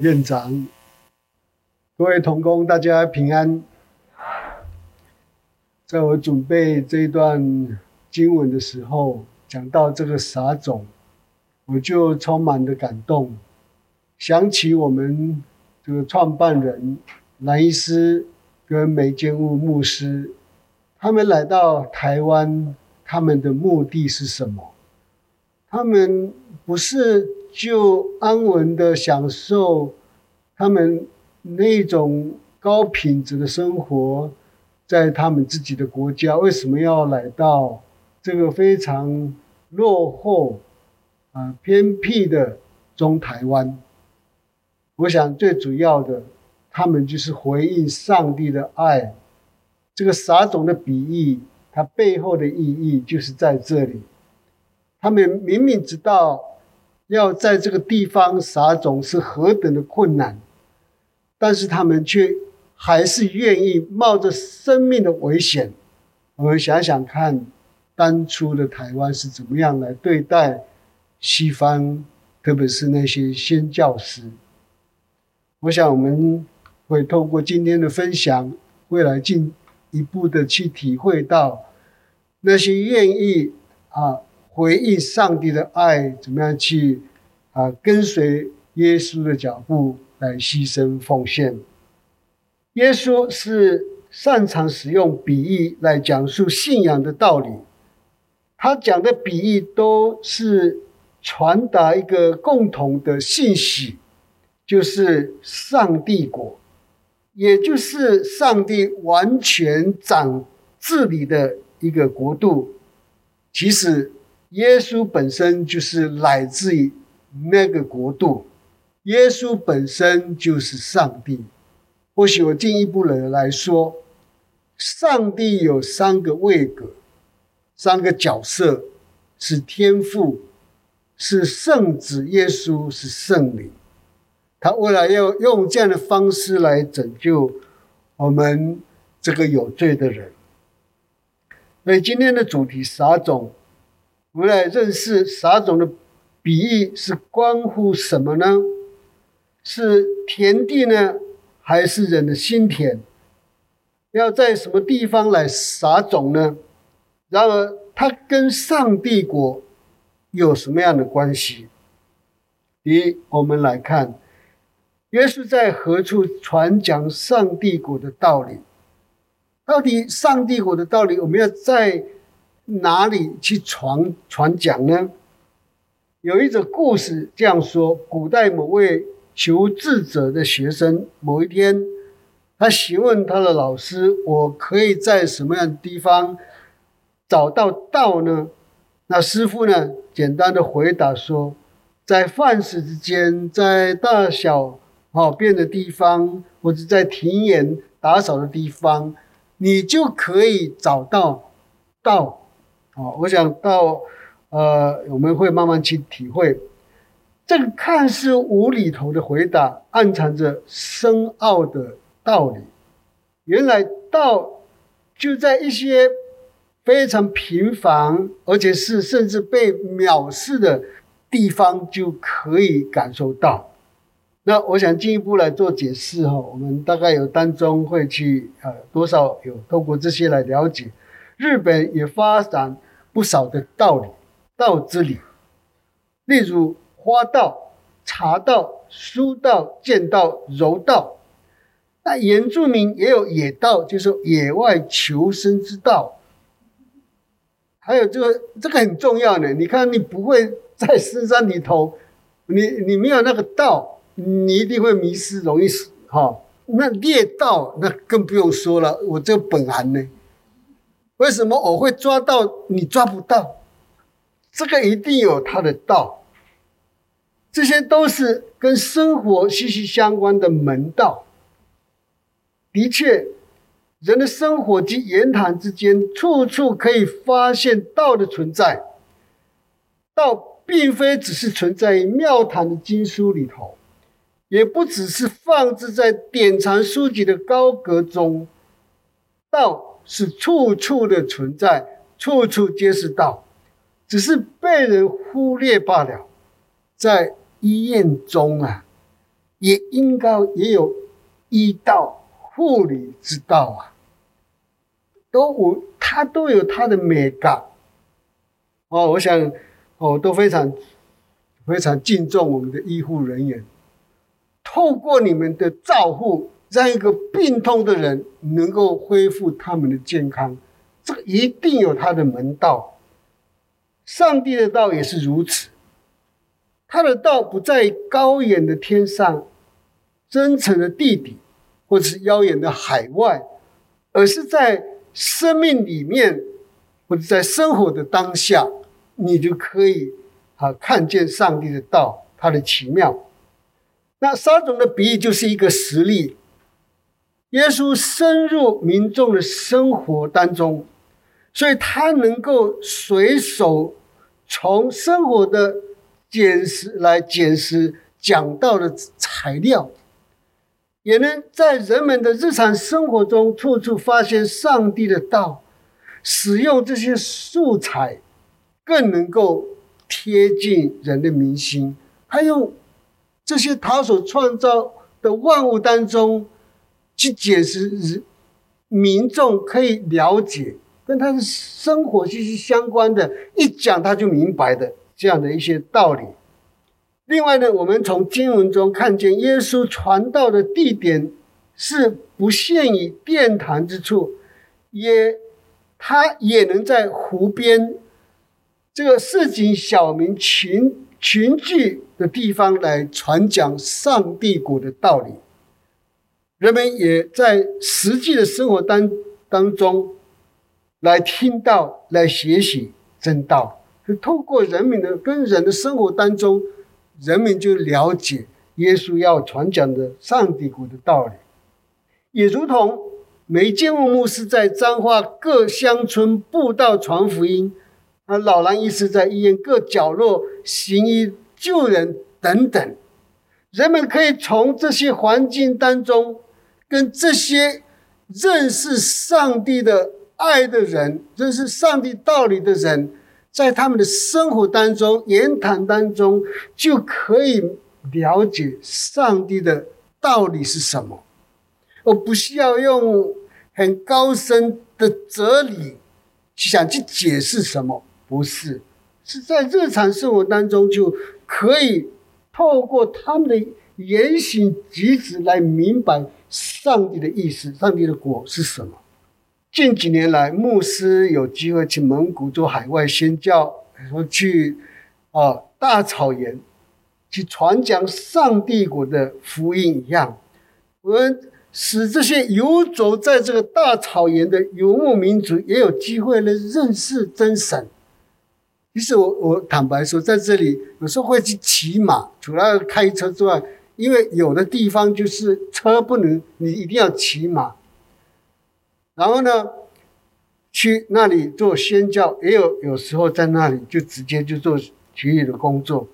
院長，各位同工，大家平安。在我準備這段經文的時候，講到這個撒種，我就充滿的感動，想起我們這個創辦人蘭醫師跟梅監霧牧師，他們來到台灣，他們的目的是什麼？他們不是。就安穩的享受他們那種高品質的生活，在他們自己的國家，為什麼要來到這個非常落後、啊、呃、偏僻的中台灣？我想最主要的，他們就是回應上帝的愛。這個撒種的比喻，它背後的意義就是在這裡。他們明明知道。要在這個地方撒種是何等的困難，但是他們卻還是願意冒着生命的危險。我們想想看，當初的台灣是怎麼樣來對待西方，特別是那些宣教師。我想我們會透過今天的分享，未來進一步的去體會到那些願意啊。回應上帝的愛，怎麼樣去啊？跟隨耶穌的腳步來犧牲奉獻。耶穌是擅長使用比喻來講述信仰的道理，他講的比喻都是傳達一個共同的信息，就是上帝國，也就是上帝完全掌治理的一個國度。其實。耶穌本身就是來自於那個國度，耶穌本身就是上帝。或許我進一步來來說，上帝有三個位格，三個角色：是天父，是聖子耶穌，是聖靈。他為了要用這樣的方式來拯救我們這個有罪的人，所以今天的主題是撒種。我們來認識撒種的比喻是關乎什麼呢？是田地呢，還是人的心田？要在什麼地方來撒種呢？然而，它跟上帝國有什麼樣的關係？第一，我們來看，耶穌在何處傳講上帝國的道理？到底上帝國的道理，我們要在。哪裡去傳傳講呢？有一則故事這樣說：古代某位求智者的學生，某一天，他詢問他的老師：“我可以在什麼樣的地方找到道呢？”那師父呢，簡單的回答說：“在飯食之間，在大小好便的地方，或者在庭園打掃的地方，你就可以找到道。”我想到，呃，我們會慢慢去體會，這個看似無厘頭的回答，暗藏着深奧的道理。原來道就在一些非常平凡，而且是甚至被藐視的地方就可以感受到。那我想進一步來做解釋哈，我們大概有當中會去，呃，多少有透過這些來了解。日本也發展。不少的道理，道之理，例如花道、茶道、書道、劍道、柔道，那原住民也有野道，就是野外求生之道。還有這個，這個很重要呢。你看，你不會在深山裡頭，你你沒有那個道，你一定會迷失，容易死哈、哦。那獵道那更不用說了，我這個本行呢。為什麼我會抓到你抓不到？這個一定有他的道。這些都是跟生活息息相關的門道。的確，人的生活及言談之間，處處可以發現道的存在。道並非只是存在於廟堂的經書裡頭，也不只是放置在典藏書籍的高閣中，道。是處處的存在，處處皆是道，只是被人忽略罷了。在醫院中啊，也應該也有醫道、護理之道啊，都有它都有它的美感。哦，我想，哦，都非常、非常敬重我們的醫護人員，透過你們的照護，讓一個病痛的人能夠恢復他們的健康，這個一定有他的門道。上帝的道也是如此，他的道不在高遠的天上、深層的地底，或者是遙遠的海外，而是在生命裡面，或者在生活的當下，你就可以啊看見上帝的道，他的奇妙。那撒種的比喻就是一個實例。耶穌深入民眾的生活當中，所以他能夠隨手從生活的撿拾來撿拾講道的材料，也能在人們的日常生活中處處發現上帝的道，使用這些素材，更能夠貼近人的民心。他用這些他所創造的萬物當中。去解釋民眾可以了解跟他的生活息息相關的，一講他就明白的這樣的一些道理。另外呢，我們從經文中看見，耶穌傳道的地點是不限於殿堂之處，也他也能在湖邊這個市井小民群群聚的地方來傳講上帝國的道理。人們也在實際的生活當當中來聽到、來學習真道，是透過人民的跟人的生活當中，人民就了解耶穌要傳講的上帝國的道理。也如同每見牧師在髒話各鄉村步道傳福音，啊，老蘭醫師在醫院各角落行醫救人等等，人們可以從這些環境當中。跟這些認識上帝的愛的人、認識上帝道理的人，在他們的生活當中、言談當中，就可以了解上帝的道理是什麼，而不需要用很高深的哲理去想去解釋什麼。不是，是在日常生活當中就可以透過他們的言行舉止來明白。上帝的意思，上帝的果是什麼？近幾年來，牧師有機會去蒙古做海外宣教，說去啊、哦、大草原去傳講上帝國的福音一樣，我們使這些遊走在這個大草原的游牧民族也有機會來認識真神。於是我我坦白說，在這裡有時候會去騎馬，除了開車之外。因為有的地方就是車不能，你一定要騎馬，然後呢，去那裡做宣教，也有有時候在那裡就直接就做體力的工作，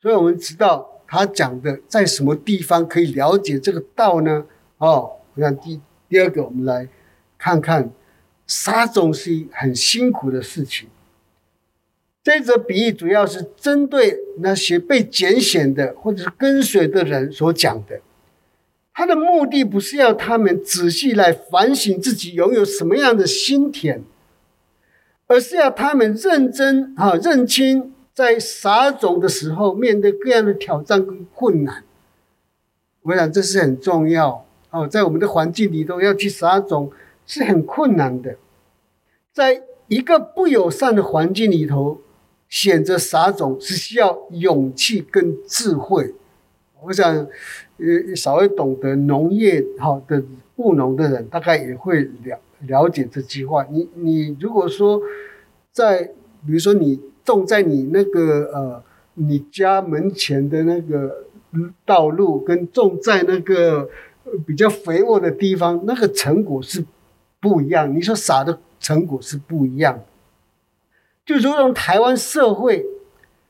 所以我們知道他講的在什麼地方可以了解這個道呢？哦，像第第二個，我們來看看撒種是很辛苦的事情。這則比喻主要是針對那些被揀選的或者是跟隨的人所講的。他的目的不是要他們仔細來反省自己擁有什麼樣的心田，而是要他們認真啊、認清在撒種的時候面對各樣的挑戰跟困難。我想這是很重要哦，在我們的環境裡頭要去撒種是很困難的，在一個不友善的環境裡頭。選擇撒種是需要勇氣跟智慧。我想，呃，稍微懂得農業哈的務農的人，大概也會了了解這句話。你你如果說在，比如說你種在你那個呃，你家門前的那個道路，跟種在那個比較肥沃的地方，那個成果是不一樣。你說撒的成果是不一樣。就如同台灣社會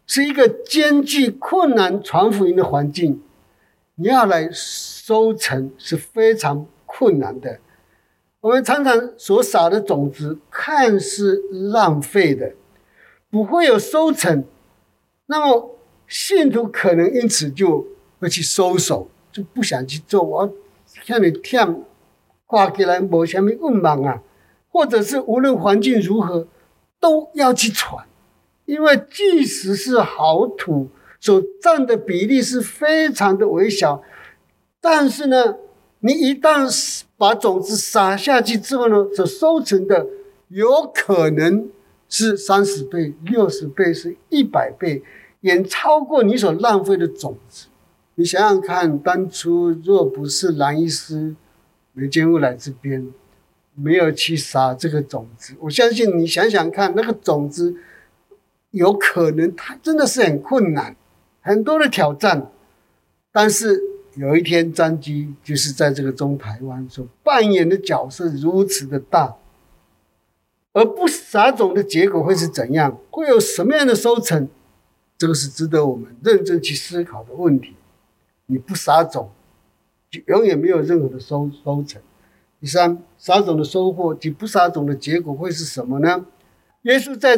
是一個艱巨、困難、傳福音的環境，你要來收成是非常困難的。我們常常所撒的種子，看似浪費的，不會有收成。那麼信徒可能因此就會去收手，就不想去做。我向你跳掛起來無什麼惡夢啊，或者是無論環境如何，都要去傳，因為即使是好土，所占的比例是非常的微小，但是呢，你一旦把種子撒下去之後呢，所收成的有可能是三十倍、六十倍、是一百倍，遠超過你所浪費的種子。你想想看，當初若不是蘭醫師梅監霧來這邊。沒有去撒這個種子，我相信你想想看，那個種子有可能，它真的是很困難，很多的挑戰。但是有一天，彰基就是在這個中台灣所扮演的角色如此的大，而不撒種的結果會是怎樣？會有什麼樣的收成？這個是值得我們認真去思考的問題。你不撒種，就永遠沒有任何的收收成。第三，撒種的收穫及不撒種的結果會是什麼呢？耶穌在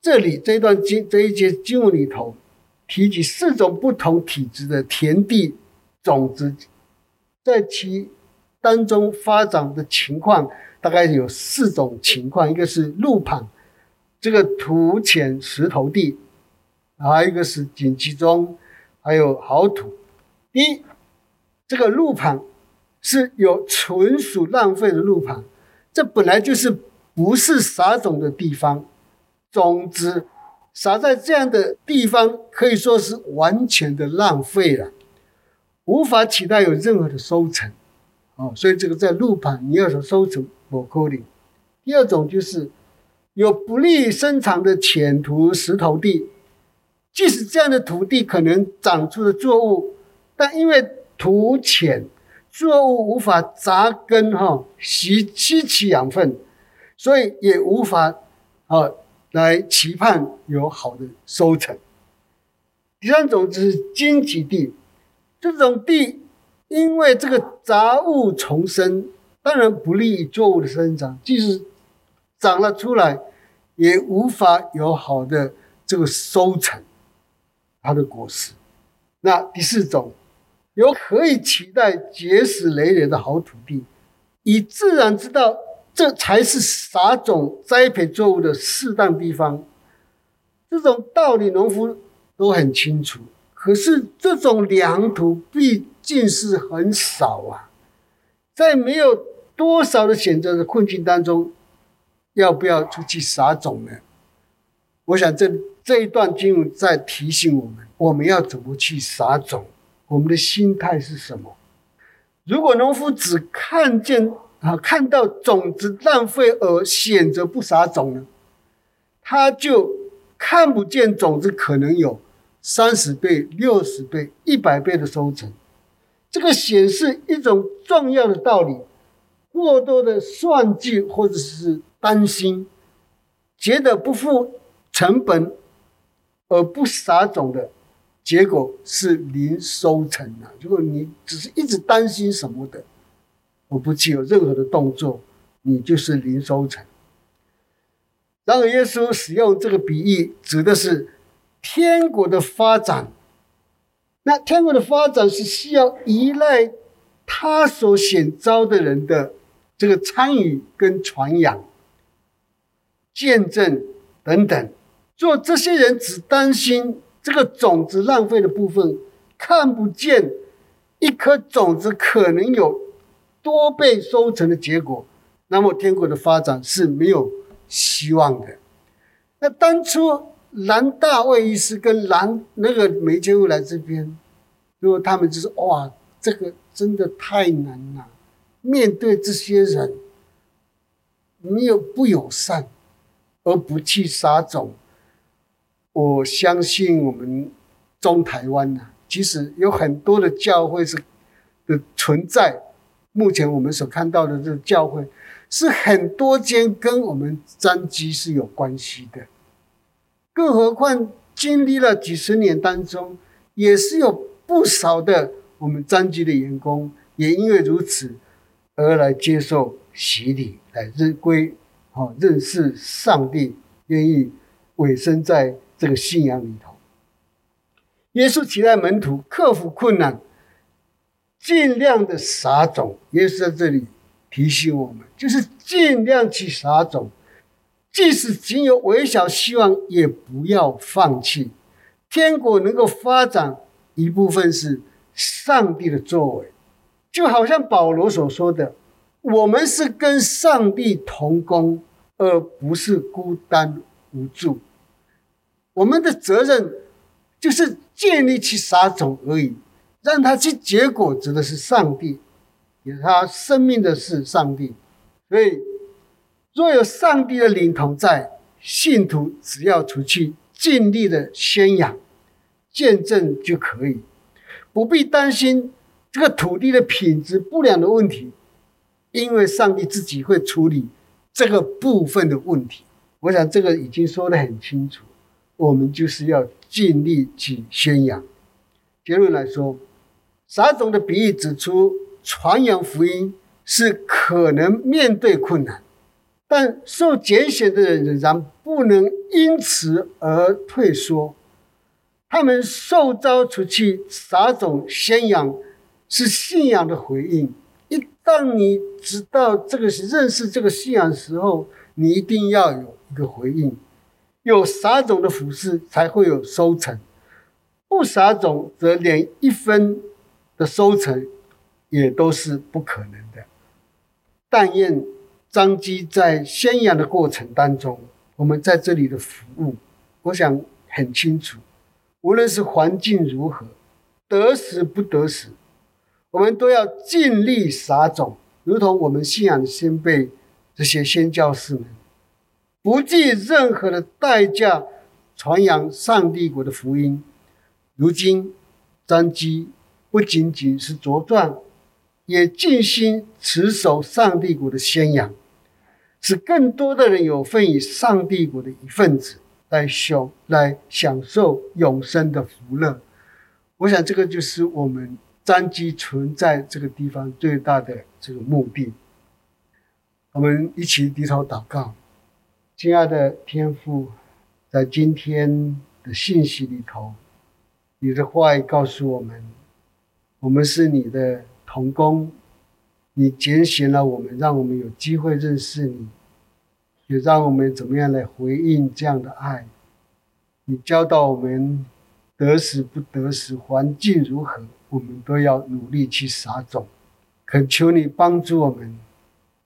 這裡這一段經這一節經文裡頭，提及四種不同體質的田地種子，在其當中發展的情況，大概有四種情況：一個是路旁，這個土淺石頭地；然後還有一個是荊棘中，還有好土。第一，這個路旁。是有純屬浪費的路旁，這本來就是不是撒種的地方，種子撒在這樣的地方可以說是完全的浪費了，無法期待有任何的收成。哦，所以這個在路旁，你要說收成不可能。第二種就是有不利於生長的淺土石頭地，即使這樣的土地可能長出的作物，但因為土淺。作物無法扎根，哈吸吸取養分，所以也無法，哈來期盼有好的收成。第三種就是荊棘地，這種地因為這個雜物叢生，當然不利於作物的生長，即使長了出來，也無法有好的這個收成，它的果實。那第四種。有可以期待結實纍纍的好土地，你自然知道，這才是撒種栽培作物的適當地方。這種道理，農夫都很清楚。可是，這種良土畢竟是很少啊，在沒有多少的選擇的困境當中，要不要出去撒種呢？我想，這這一段經文在提醒我們，我們要怎麼去撒種。我們的心態是什麼？如果農夫只看見啊，看到種子浪費而選擇不撒種呢？他就看不見種子可能有三十倍、六十倍、一百倍的收成。這個顯示一種重要的道理：過多的算計或者是擔心，覺得不付成本而不撒種的。結果是零收成啊！如果你只是一直擔心什麼的，我不去有任何的動作，你就是零收成。然後，耶穌使用這個比喻，指的是天國的發展。那天國的發展是需要依賴他所選召的人的這個參與、跟傳揚、見證等等。做這些人只擔心，這個種子浪費的部分看不見，一顆種子可能有多倍收成的結果，那麼天國的發展是沒有希望的。那當初蘭大衛醫師跟蘭那個梅監務過來這邊，如果他們就是哇，這個真的太難了，面對這些人，你有不友善，而不去撒種。我相信我們中台灣呢，其實有很多的教會是的存在。目前我們所看到的這個教會，是很多間跟我們彰基是有關係的。更何況經歷了幾十年當中，也是有不少的我們彰基的員工，也因為如此而來接受洗禮，來認歸，認識上帝，願意委身在。這個信仰裡頭，耶穌期待門徒克服困難，盡量的撒種。耶穌在這裡提醒我們，就是盡量去撒種，即使僅有微小希望，也不要放棄。天國能夠發展一部分是上帝的作為，就好像保羅所說的：“我們是跟上帝同工，而不是孤單無助。”我們的責任就是建立起撒種而已，讓他去結果，指的是上帝，給他生命的是上帝。所以，若有上帝的靈同在，信徒只要出去盡力的宣揚、見證就可以，不必擔心這個土地的品質不良的問題，因為上帝自己會處理這個部分的問題。我想這個已經說得很清楚。我們就是要盡力去宣揚。結論來說，撒種的比喻指出，傳揚福音是可能面對困難，但受揀選的人仍然不能因此而退縮。他們受召出去撒種宣揚，是信仰的回應。一旦你知道這個、認識這個信仰的時候，你一定要有一個回應。有撒種的服事才會有收成；不撒種，則連一分的收成也都是不可能的。但願彰基在宣揚的過程當中，我們在這裡的服務，我想很清楚，無論是環境如何，得時不得時，我們都要盡力撒種，如同我們信仰的先輩這些宣教士們。不計任何的代價，傳揚上帝國的福音。如今，張機不僅僅是茁壯，也盡心持守上帝國的宣揚，使更多的人有份於上帝國的一份子來，來享來享受永生的福樂。我想，這個就是我們張機存在這個地方最大的這個目的。我們一起低頭禱告。親愛的天父，在今天的信息裡頭，你的話語告訴我們：我們是你的同工，你揀選了我們，讓我們有機會認識你，也讓我們怎麼樣來回應這樣的愛。你教導我們，得時不得時，環境如何，我們都要努力去撒種，懇求你幫助我們，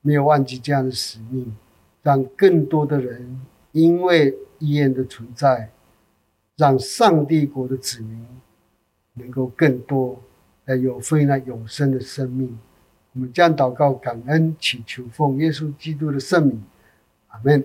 沒有忘記這樣的使命。讓更多的人，因為醫院的存在，讓上帝國的子民能夠更多來有份永生的生命。我們將禱告，感恩，祈求奉耶穌基督的聖名，阿門。